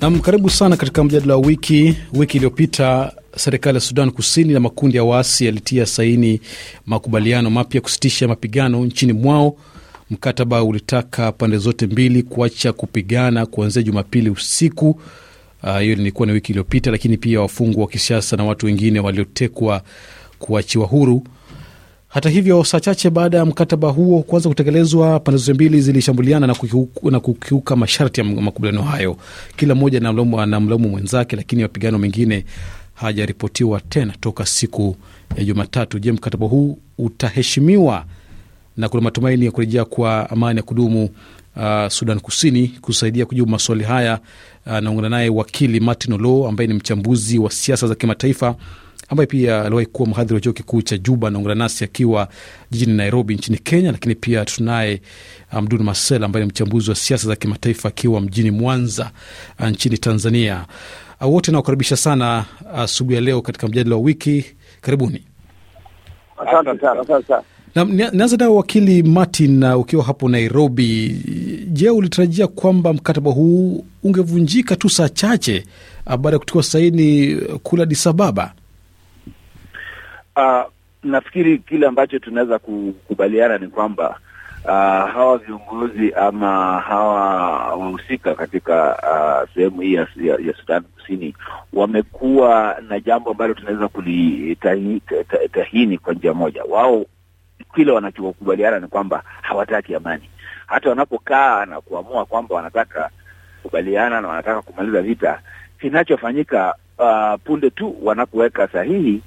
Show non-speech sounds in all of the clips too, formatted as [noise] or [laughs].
Nam, karibu sana katika mjadala wa wiki. Wiki iliyopita serikali ya Sudan Kusini na makundi ya waasi yalitia saini makubaliano mapya kusitisha mapigano nchini mwao. Mkataba ulitaka pande zote mbili kuacha kupigana kuanzia Jumapili usiku. Ah, hiyo uh, ilikuwa ni wiki iliyopita, lakini pia wafungwa wa kisiasa na watu wengine waliotekwa kuachiwa huru. Hata hivyo, saa chache baada ya mkataba huo kuanza kutekelezwa, pande zote mbili zilishambuliana na kukiuka, na kukiuka masharti ya makubaliano hayo, kila mmoja anamlaumu mwenzake, lakini mapigano mengine hajaripotiwa tena toka siku ya Jumatatu. Je, mkataba huu utaheshimiwa na kuna matumaini ya kurejea kwa amani ya kudumu uh, Sudan Kusini? Kusaidia kujibu maswali haya anaungana uh, naye wakili Martin Olo ambaye ni mchambuzi wa siasa za kimataifa ambaye pia aliwahi kuwa mhadhiri wa chuo kikuu cha Juba, anaungana nasi akiwa jijini Nairobi nchini Kenya. Lakini pia tunaye amdun um, Masel ambaye ni mchambuzi wa siasa za kimataifa akiwa mjini Mwanza uh, nchini Tanzania. Uh, wote nawakaribisha sana uh, asubuhi uh, ya leo katika mjadala wa wiki. Karibuni. Nianza nao wakili Martin, ukiwa hapo Nairobi, je, ulitarajia kwamba mkataba huu ungevunjika tu saa chache baada ya kutiwa saini kule Addis Ababa? Uh, nafikiri kile ambacho tunaweza kukubaliana ni kwamba uh, hawa viongozi ama hawa wahusika katika uh, sehemu hii ya, ya, ya Sudan Kusini wamekuwa na jambo ambalo tunaweza kulitahini kwa njia moja. Wao kile wanachokubaliana ni kwamba hawataki amani, hata wanapokaa na kuamua kwamba wanataka kukubaliana na wanataka kumaliza vita, kinachofanyika uh, punde tu wanapoweka sahihi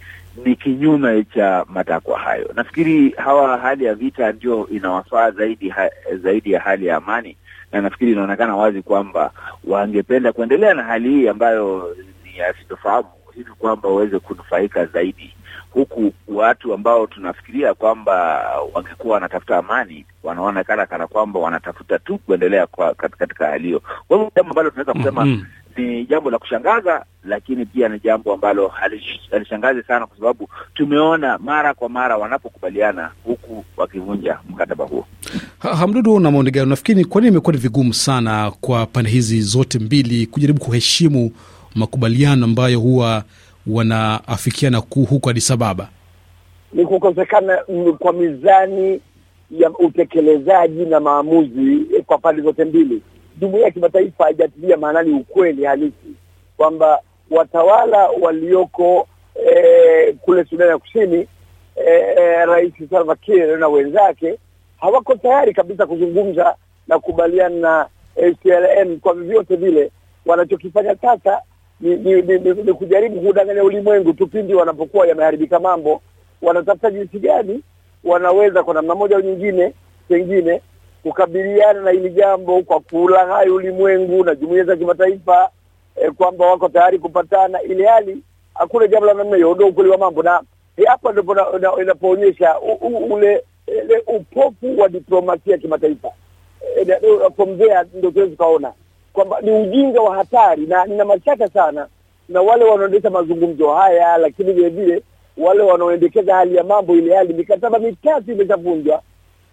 ni kinyume cha matakwa hayo. Nafikiri hawa hali ya vita ndio inawafaa zaidi ha, zaidi ya hali ya amani, na nafikiri inaonekana wazi kwamba wangependa kuendelea na hali hii ambayo ni ya sitofahamu hivi kwamba waweze kunufaika zaidi, huku watu ambao tunafikiria kwamba wangekuwa wanatafuta amani wanaonekana kana kwamba wanatafuta tu kuendelea kwa katika hali hiyo. Kwa hivyo jambo ambalo tunaweza kusema mm -hmm ni jambo la kushangaza, lakini pia ni jambo ambalo halishangazi sana, kwa sababu tumeona mara kwa mara wanapokubaliana huku wakivunja mkataba huo. Ha, Hamdudu na maoni gani? Nafikiri kwa nini imekuwa ni vigumu sana kwa pande hizi zote mbili kujaribu kuheshimu makubaliano ambayo huwa wanaafikiana kuu huko Addis Ni kukosekana kwa mizani ya utekelezaji na maamuzi kwa pande zote mbili jumuiya ya kimataifa haijatilia maanani ukweli halisi kwamba watawala walioko eh, kule Sudani ya Kusini eh, eh, Rais Salva Kiir na wenzake hawako tayari kabisa kuzungumza na kukubaliana na SPLM eh, kwa vyovyote vile. Wanachokifanya sasa ni, ni, ni, ni, ni kujaribu kudanganya ulimwengu tu pindi wanapokuwa yameharibika mambo, wanatafuta jinsi gani wanaweza kwa namna moja au nyingine pengine kukabiliana na hili jambo kwa kuulaghai ulimwengu na jumuiya za kimataifa eh, kwamba wako tayari kupatana, ili hali hakuna jambo la namna hiyo. Ndio ukweli wa mambo, na hapa ndipo inapoonyesha ule ile upofu wa diplomasia ya kimataifa. pomzea e, there ndio tuwezi tukaona kwamba ni ujinga wa hatari, na nina mashaka sana na wale wanaoendesha mazungumzo haya, lakini vile vile wale wanaoendekeza hali ya mambo, ile hali mikataba mitatu imeshavunjwa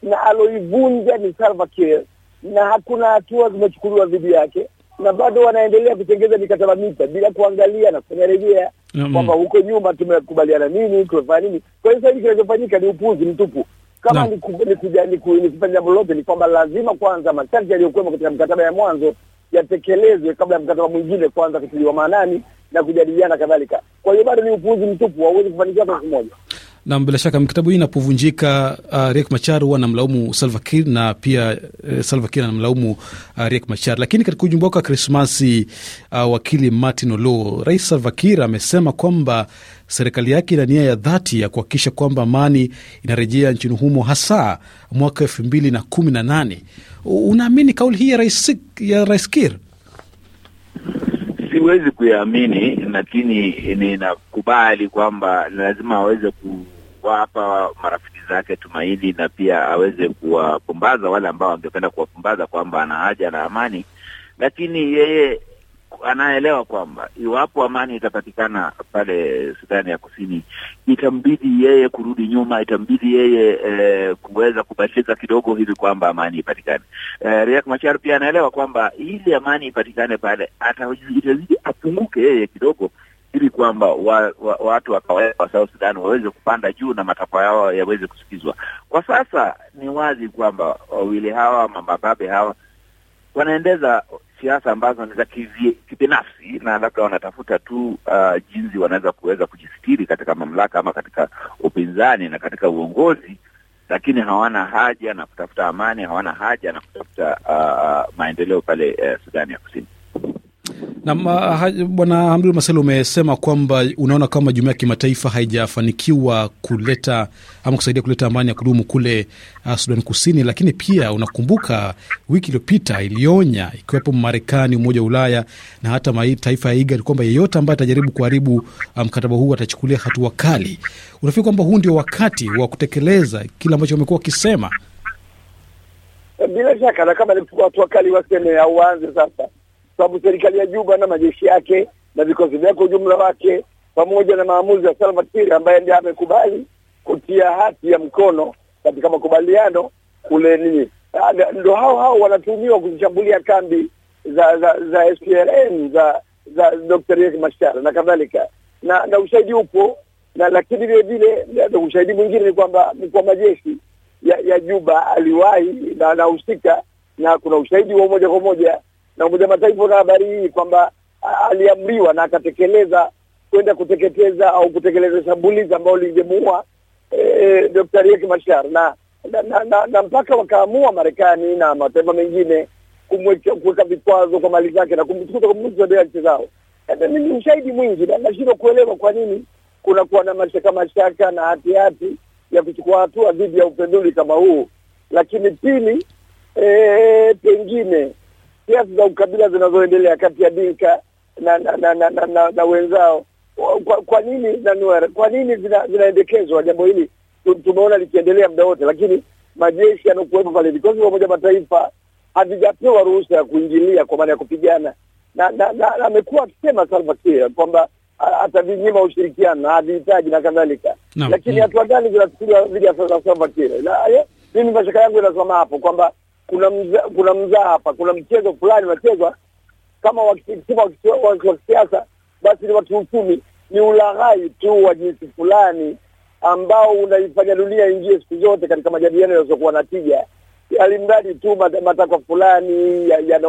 na aloivunja ni Salva Kiir na hakuna hatua zimechukuliwa dhidi yake, na bado wanaendelea kutengeza mikataba mipya bila kuangalia na kufanya rejea mm -hmm. huko nyuma tumekubaliana nini, tumefanya nini. Kwa hiyo sahivi kinachofanyika ni upuuzi mtupu. Kama ni kufanya jambo lote ni kwamba lazima kwanza masharti yaliyokuwemo katika mkataba ya mwanzo yatekelezwe kabla ya mkataba mwingine kwanza kutiliwa maanani na kujadiliana kadhalika. Kwa hiyo bado ni upuuzi mtupu, hauwezi kufanikiwa kwa siku moja na bila shaka mkitabu hii inapovunjika, uh, Riek Machar huwa anamlaumu Salva Kiir na pia uh, Salva Kiir anamlaumu uh, Riek Machar. Lakini katika ujumbe wake wa Krismasi, uh, wakili Martin Olo, Rais Salva Kiir amesema kwamba serikali yake ina nia ya dhati ya kuhakikisha kwamba amani inarejea nchini humo hasa mwaka elfu mbili na kumi na nane. Unaamini kauli hii ya Rais, ya Rais Kiir? Siwezi kuyaamini, lakini ninakubali kwamba lazima aweze ku kuwapa marafiki zake tumaini na pia aweze kuwapumbaza wale ambao wangependa kuwapumbaza kwamba ana haja na amani, lakini yeye anaelewa kwamba iwapo amani itapatikana pale Sudani ya Kusini, itambidi yeye kurudi nyuma, itambidi yeye e, kuweza kubadilika kidogo hivi kwamba amani ipatikane. E, Riek Machar pia anaelewa kwamba ili amani ipatikane pale atazidi apunguke yeye kidogo ili kwamba wa, wa, watu wa kawaida wa South Sudan waweze kupanda juu na matakwa yao yaweze kusikizwa. Kwa sasa ni wazi kwamba wawili hawa mabababe hawa wanaendeza siasa ambazo ni za kibinafsi na labda wanatafuta tu uh, jinsi wanaweza kuweza kujisitiri katika mamlaka ama katika upinzani na katika uongozi, lakini hawana haja na kutafuta amani, hawana haja na kutafuta uh, maendeleo pale uh, Sudani ya Kusini bwana Hamdul Masel, umesema kwamba unaona kama jumuiya ya kimataifa haijafanikiwa kuleta ama kusaidia kuleta amani ya kudumu kule uh, Sudan Kusini, lakini pia unakumbuka wiki iliyopita ilionya ikiwepo Marekani, Umoja wa Ulaya na hata mataifa ya IGAD kwamba yeyote ambaye atajaribu kuharibu uh, mkataba um, huu atachukulia hatua kali. Unafikiri kwamba huu ndio wakati wa kutekeleza kile ambacho wamekuwa wakisema? Bila shaka, na kama ni hatua kali waseme, waanze sasa sababu serikali ya Juba na majeshi yake na vikosi vyake ujumla wake pamoja na maamuzi ya Salva Kiir ambaye ndiye amekubali kutia hati ya mkono katika makubaliano kule nini, ah, ndo hao hao wanatumiwa kuzishambulia kambi za za za SPLM za za Dr. Riek Machar na kadhalika, na na ushahidi upo na, lakini vile vile ushahidi mwingine ni kwamba mkuu wa majeshi ya, ya Juba aliwahi na anahusika na kuna ushahidi wa moja kwa moja na Umoja Mataifa na habari hii kwamba aliamriwa na akatekeleza kwenda kuteketeza au kutekeleza shambulizi ambao lingemuua e, Dr. Riek Machar na na, na, na na mpaka wakaamua Marekani na mataifa mengine kuweka vikwazo kwa mali zake na kumfuta kumzuia zao. E, ni ushahidi mwingi na nashindwa kuelewa kwa nini kunakuwa na mashaka mashaka na hatihati ya kuchukua hatua dhidi ya upenduli kama huu. Lakini pili, e, pengine siasa za ukabila zinazoendelea kati ya Dinka na na, na, na, na, na, na wenzao kwa, kwa nini na Nuer, kwa nini zina, zinaendekezwa? Jambo hili tumeona likiendelea muda wote, lakini majeshi yanokuwepo pale, vikosi vya Umoja Mataifa havijapewa ruhusa ya kuingilia kwa maana ya kupigana, na amekuwa akisema Salva Kiir kwamba atavinyima ushirikiano, havihitaji na kadhalika. Lakini mm. hatua gani zinachukuliwa dhidi ya Salva Kiir? Eh, mimi mashaka yangu inasoma hapo kwamba kuna mza, kuna mzaa hapa, kuna mchezo fulani unachezwa kama wa kisiasa, basi ni wa kiuchumi, ni ulaghai tu wa jinsi fulani ambao unaifanya dunia ingie siku zote katika majadiliano yasiokuwa na tija, alimradi tu matakwa fulani ya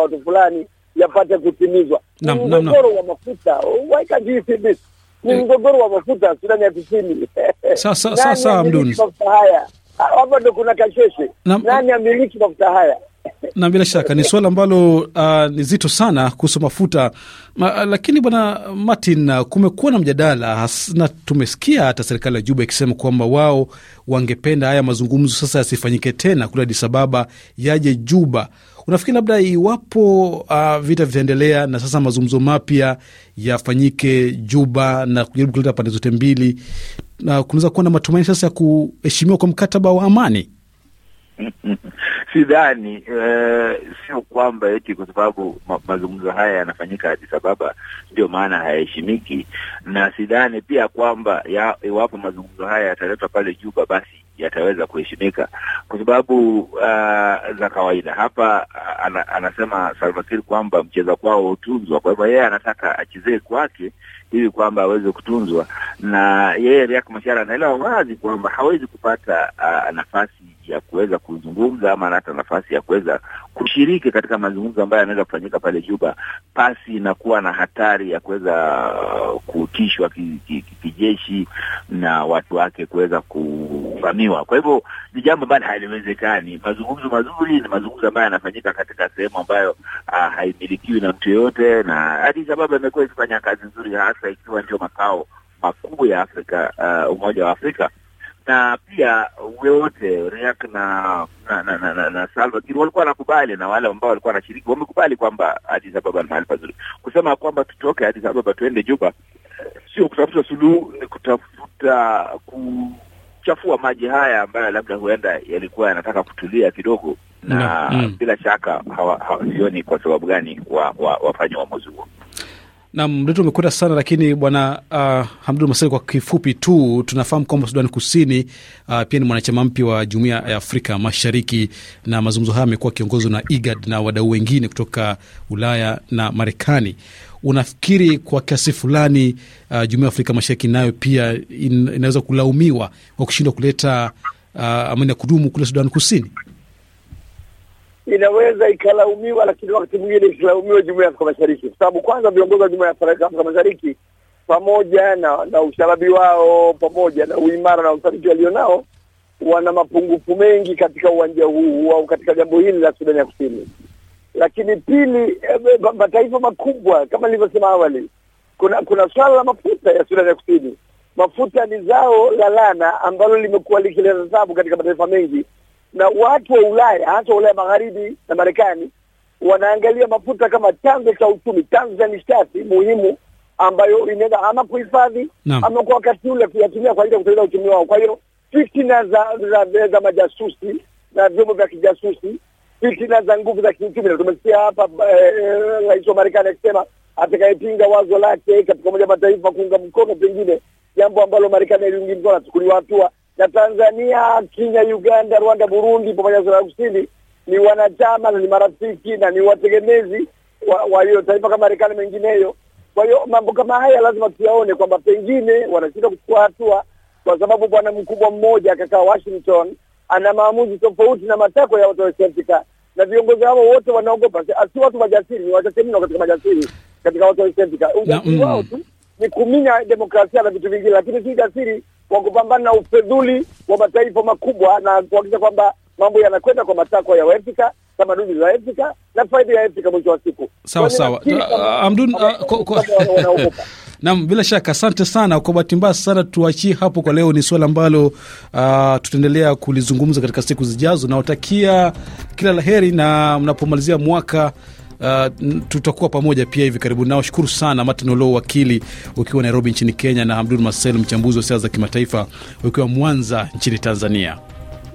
watu fulani yapate kutimizwa. Ni eh. mgogoro wa mafuta waika GCB, ni mgogoro wa mafuta Sudani ya Kusini. Sasa sasa, Mduni, haya hapo ndo kuna kasheshe na, nani amiliki mafuta haya na bila shaka ni suala ambalo uh, ni zito sana kuhusu mafuta Ma, ah, lakini bwana Martin, ah, kumekuwa na mjadala na tumesikia hata serikali ya Juba ikisema kwamba wao wangependa haya mazungumzo sasa yasifanyike tena kule Addis Ababa, yaje Juba. Unafikiri labda iwapo uh, vita vitaendelea na sasa mazungumzo mapya yafanyike Juba na kujaribu kuleta pande zote mbili, na kunaweza kuwa na matumaini sasa ya kuheshimiwa kwa mkataba wa amani? [laughs] Sidhani. Uh, sio kwamba eti kwa sababu ma mazungumzo haya yanafanyika Addis Ababa ndio maana hayaheshimiki, na sidhani pia kwamba iwapo mazungumzo haya yataletwa pale Juba basi yataweza kuheshimika kwa sababu uh, za kawaida hapa ah, ana, anasema Salva kwamba mcheza kwao hutunzwa. Kwa hivyo yeye anataka achezee kwake hivi kwamba aweze kutunzwa, na yeye riak mashara anaelewa wazi kwamba hawezi kupata uh, nafasi ya kuweza kuzungumza ama hata nafasi ya kuweza kushiriki katika mazungumzo ambayo yanaweza kufanyika pale Juba pasi na kuwa na hatari ya kuweza kutishwa kijeshi ki, ki, ki, na watu wake kuweza kuvamiwa kutuhumiwa. Kwa hivyo ni jambo ambalo haliwezekani. Mazungumzo mazuri ni mazungumzo ambayo yanafanyika katika sehemu ambayo uh, haimilikiwi na mtu yoyote, na Addis Ababa imekuwa ikifanya kazi nzuri, hasa ikiwa ndio makao makuu ya Afrika uh, Umoja wa Afrika na pia wote Riek na na, na, na, na, na Salva Kiir walikuwa wanakubali, na wale ambao walikuwa wanashiriki wamekubali kwamba Addis Ababa ni mahali pazuri. Kusema kwamba tutoke Addis Ababa tuende Juba eh, sio kutafuta suluhu, ni kutafuta ku kuchafua maji haya ambayo labda huenda yalikuwa yanataka kutulia kidogo na, mm. bila shaka hawasioni kwa sababu gani wa, wa, wafanye uamuzi huo nam mdoto umekwenda sana lakini bwana uh, hamdul masari kwa kifupi tu tunafahamu kwamba sudani kusini uh, pia ni mwanachama mpya wa jumuia ya afrika mashariki na mazungumzo haya amekuwa akiongozwa na igad na wadau wengine kutoka ulaya na marekani unafikiri kwa kiasi fulani uh, jumuiya ya Afrika Mashariki nayo pia in, inaweza kulaumiwa kwa kushindwa kuleta uh, amani ya kudumu kule Sudan Kusini? Inaweza ikalaumiwa, lakini wakati mwingine ikilaumiwa jumuiya ya Afrika Mashariki kwa sababu kwanza viongozi wa jumuiya ya Afrika Mashariki pamoja na na ushababi wao pamoja na uimara na uthabiti walionao wana mapungufu mengi katika uwanja huu au katika jambo hili la Sudani ya Kusini. Lakini pili, eh, eh, mataifa makubwa kama nilivyosema awali, kuna kuna swala la mafuta ya Sudani ya Kusini. Mafuta ni zao la lana ambalo limekuwa likileta taabu katika mataifa mengi, na watu wa Ulaya hasa Ulaya Magharibi na Marekani wanaangalia mafuta kama chanzo cha uchumi, chanzo cha nishati muhimu ambayo inaweza ama kuhifadhi ama kwa wakati ule kuyatumia kwa ajili ya kutengeneza uchumi wao. Kwa hiyo fitina za, za, za, za majasusi na vyombo vya kijasusi fitina za nguvu za kiuchumi, na tumesikia hapa eh, rais wa Marekani akisema atakayepinga wazo lake katika Umoja Mataifa kuunga mkono pengine jambo ambalo Marekani iliungi mkono achukuliwa hatua. Na Tanzania, Kenya, Uganda, Rwanda, Burundi pamoja na Sudan Kusini ni wanachama na ni marafiki na ni wategemezi wa hiyo taifa kama Marekani mengineyo. Kwa hiyo mambo kama haya lazima tuyaone kwamba pengine wanashindwa kuchukua hatua kwa sababu bwana mkubwa mmoja akakaa Washington ana maamuzi tofauti na matakwa ya watu wa Afrika na viongozi hao wote wanaogopa, si watu majasiri, ni wachache mno katika majasiri, katika watu wa Ujasiri wao tu ni kuminya demokrasia na vitu vingine, lakini si jasiri kwa kupambana na ufedhuli wa mataifa makubwa na kuhakikisha kwamba mambo yanakwenda kwa matakwa ya Waafrika, tamaduni za Afrika na faida ya Afrika mwisho wa siku. Sawa sawa, Amdun [laughs] nam bila shaka asante sana. Kwa bahati mbaya sana tuachie hapo kwa leo, ni suala ambalo uh, tutaendelea kulizungumza katika siku zijazo. Nawatakia kila laheri na mnapomalizia mwaka Uh, tutakuwa pamoja pia hivi karibuni. Nawashukuru sana Martin Olo, wakili ukiwa Nairobi nchini Kenya, na Abdul Marcel, mchambuzi wa siasa za kimataifa ukiwa Mwanza nchini Tanzania.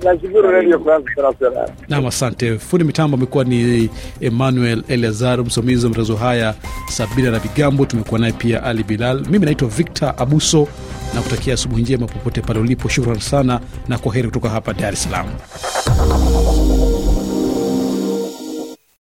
Nashukuru Radio France International. Naam, asante. Fundi mitambo amekuwa ni Emmanuel Eleazar, msimamizi wa matangazo haya Sabina na vigambo tumekuwa naye pia Ali Bilal. Mimi naitwa Victor Abuso na kutakia asubuhi njema popote pale ulipo. Shukran sana na kwa heri kutoka hapa Dar es Salaam.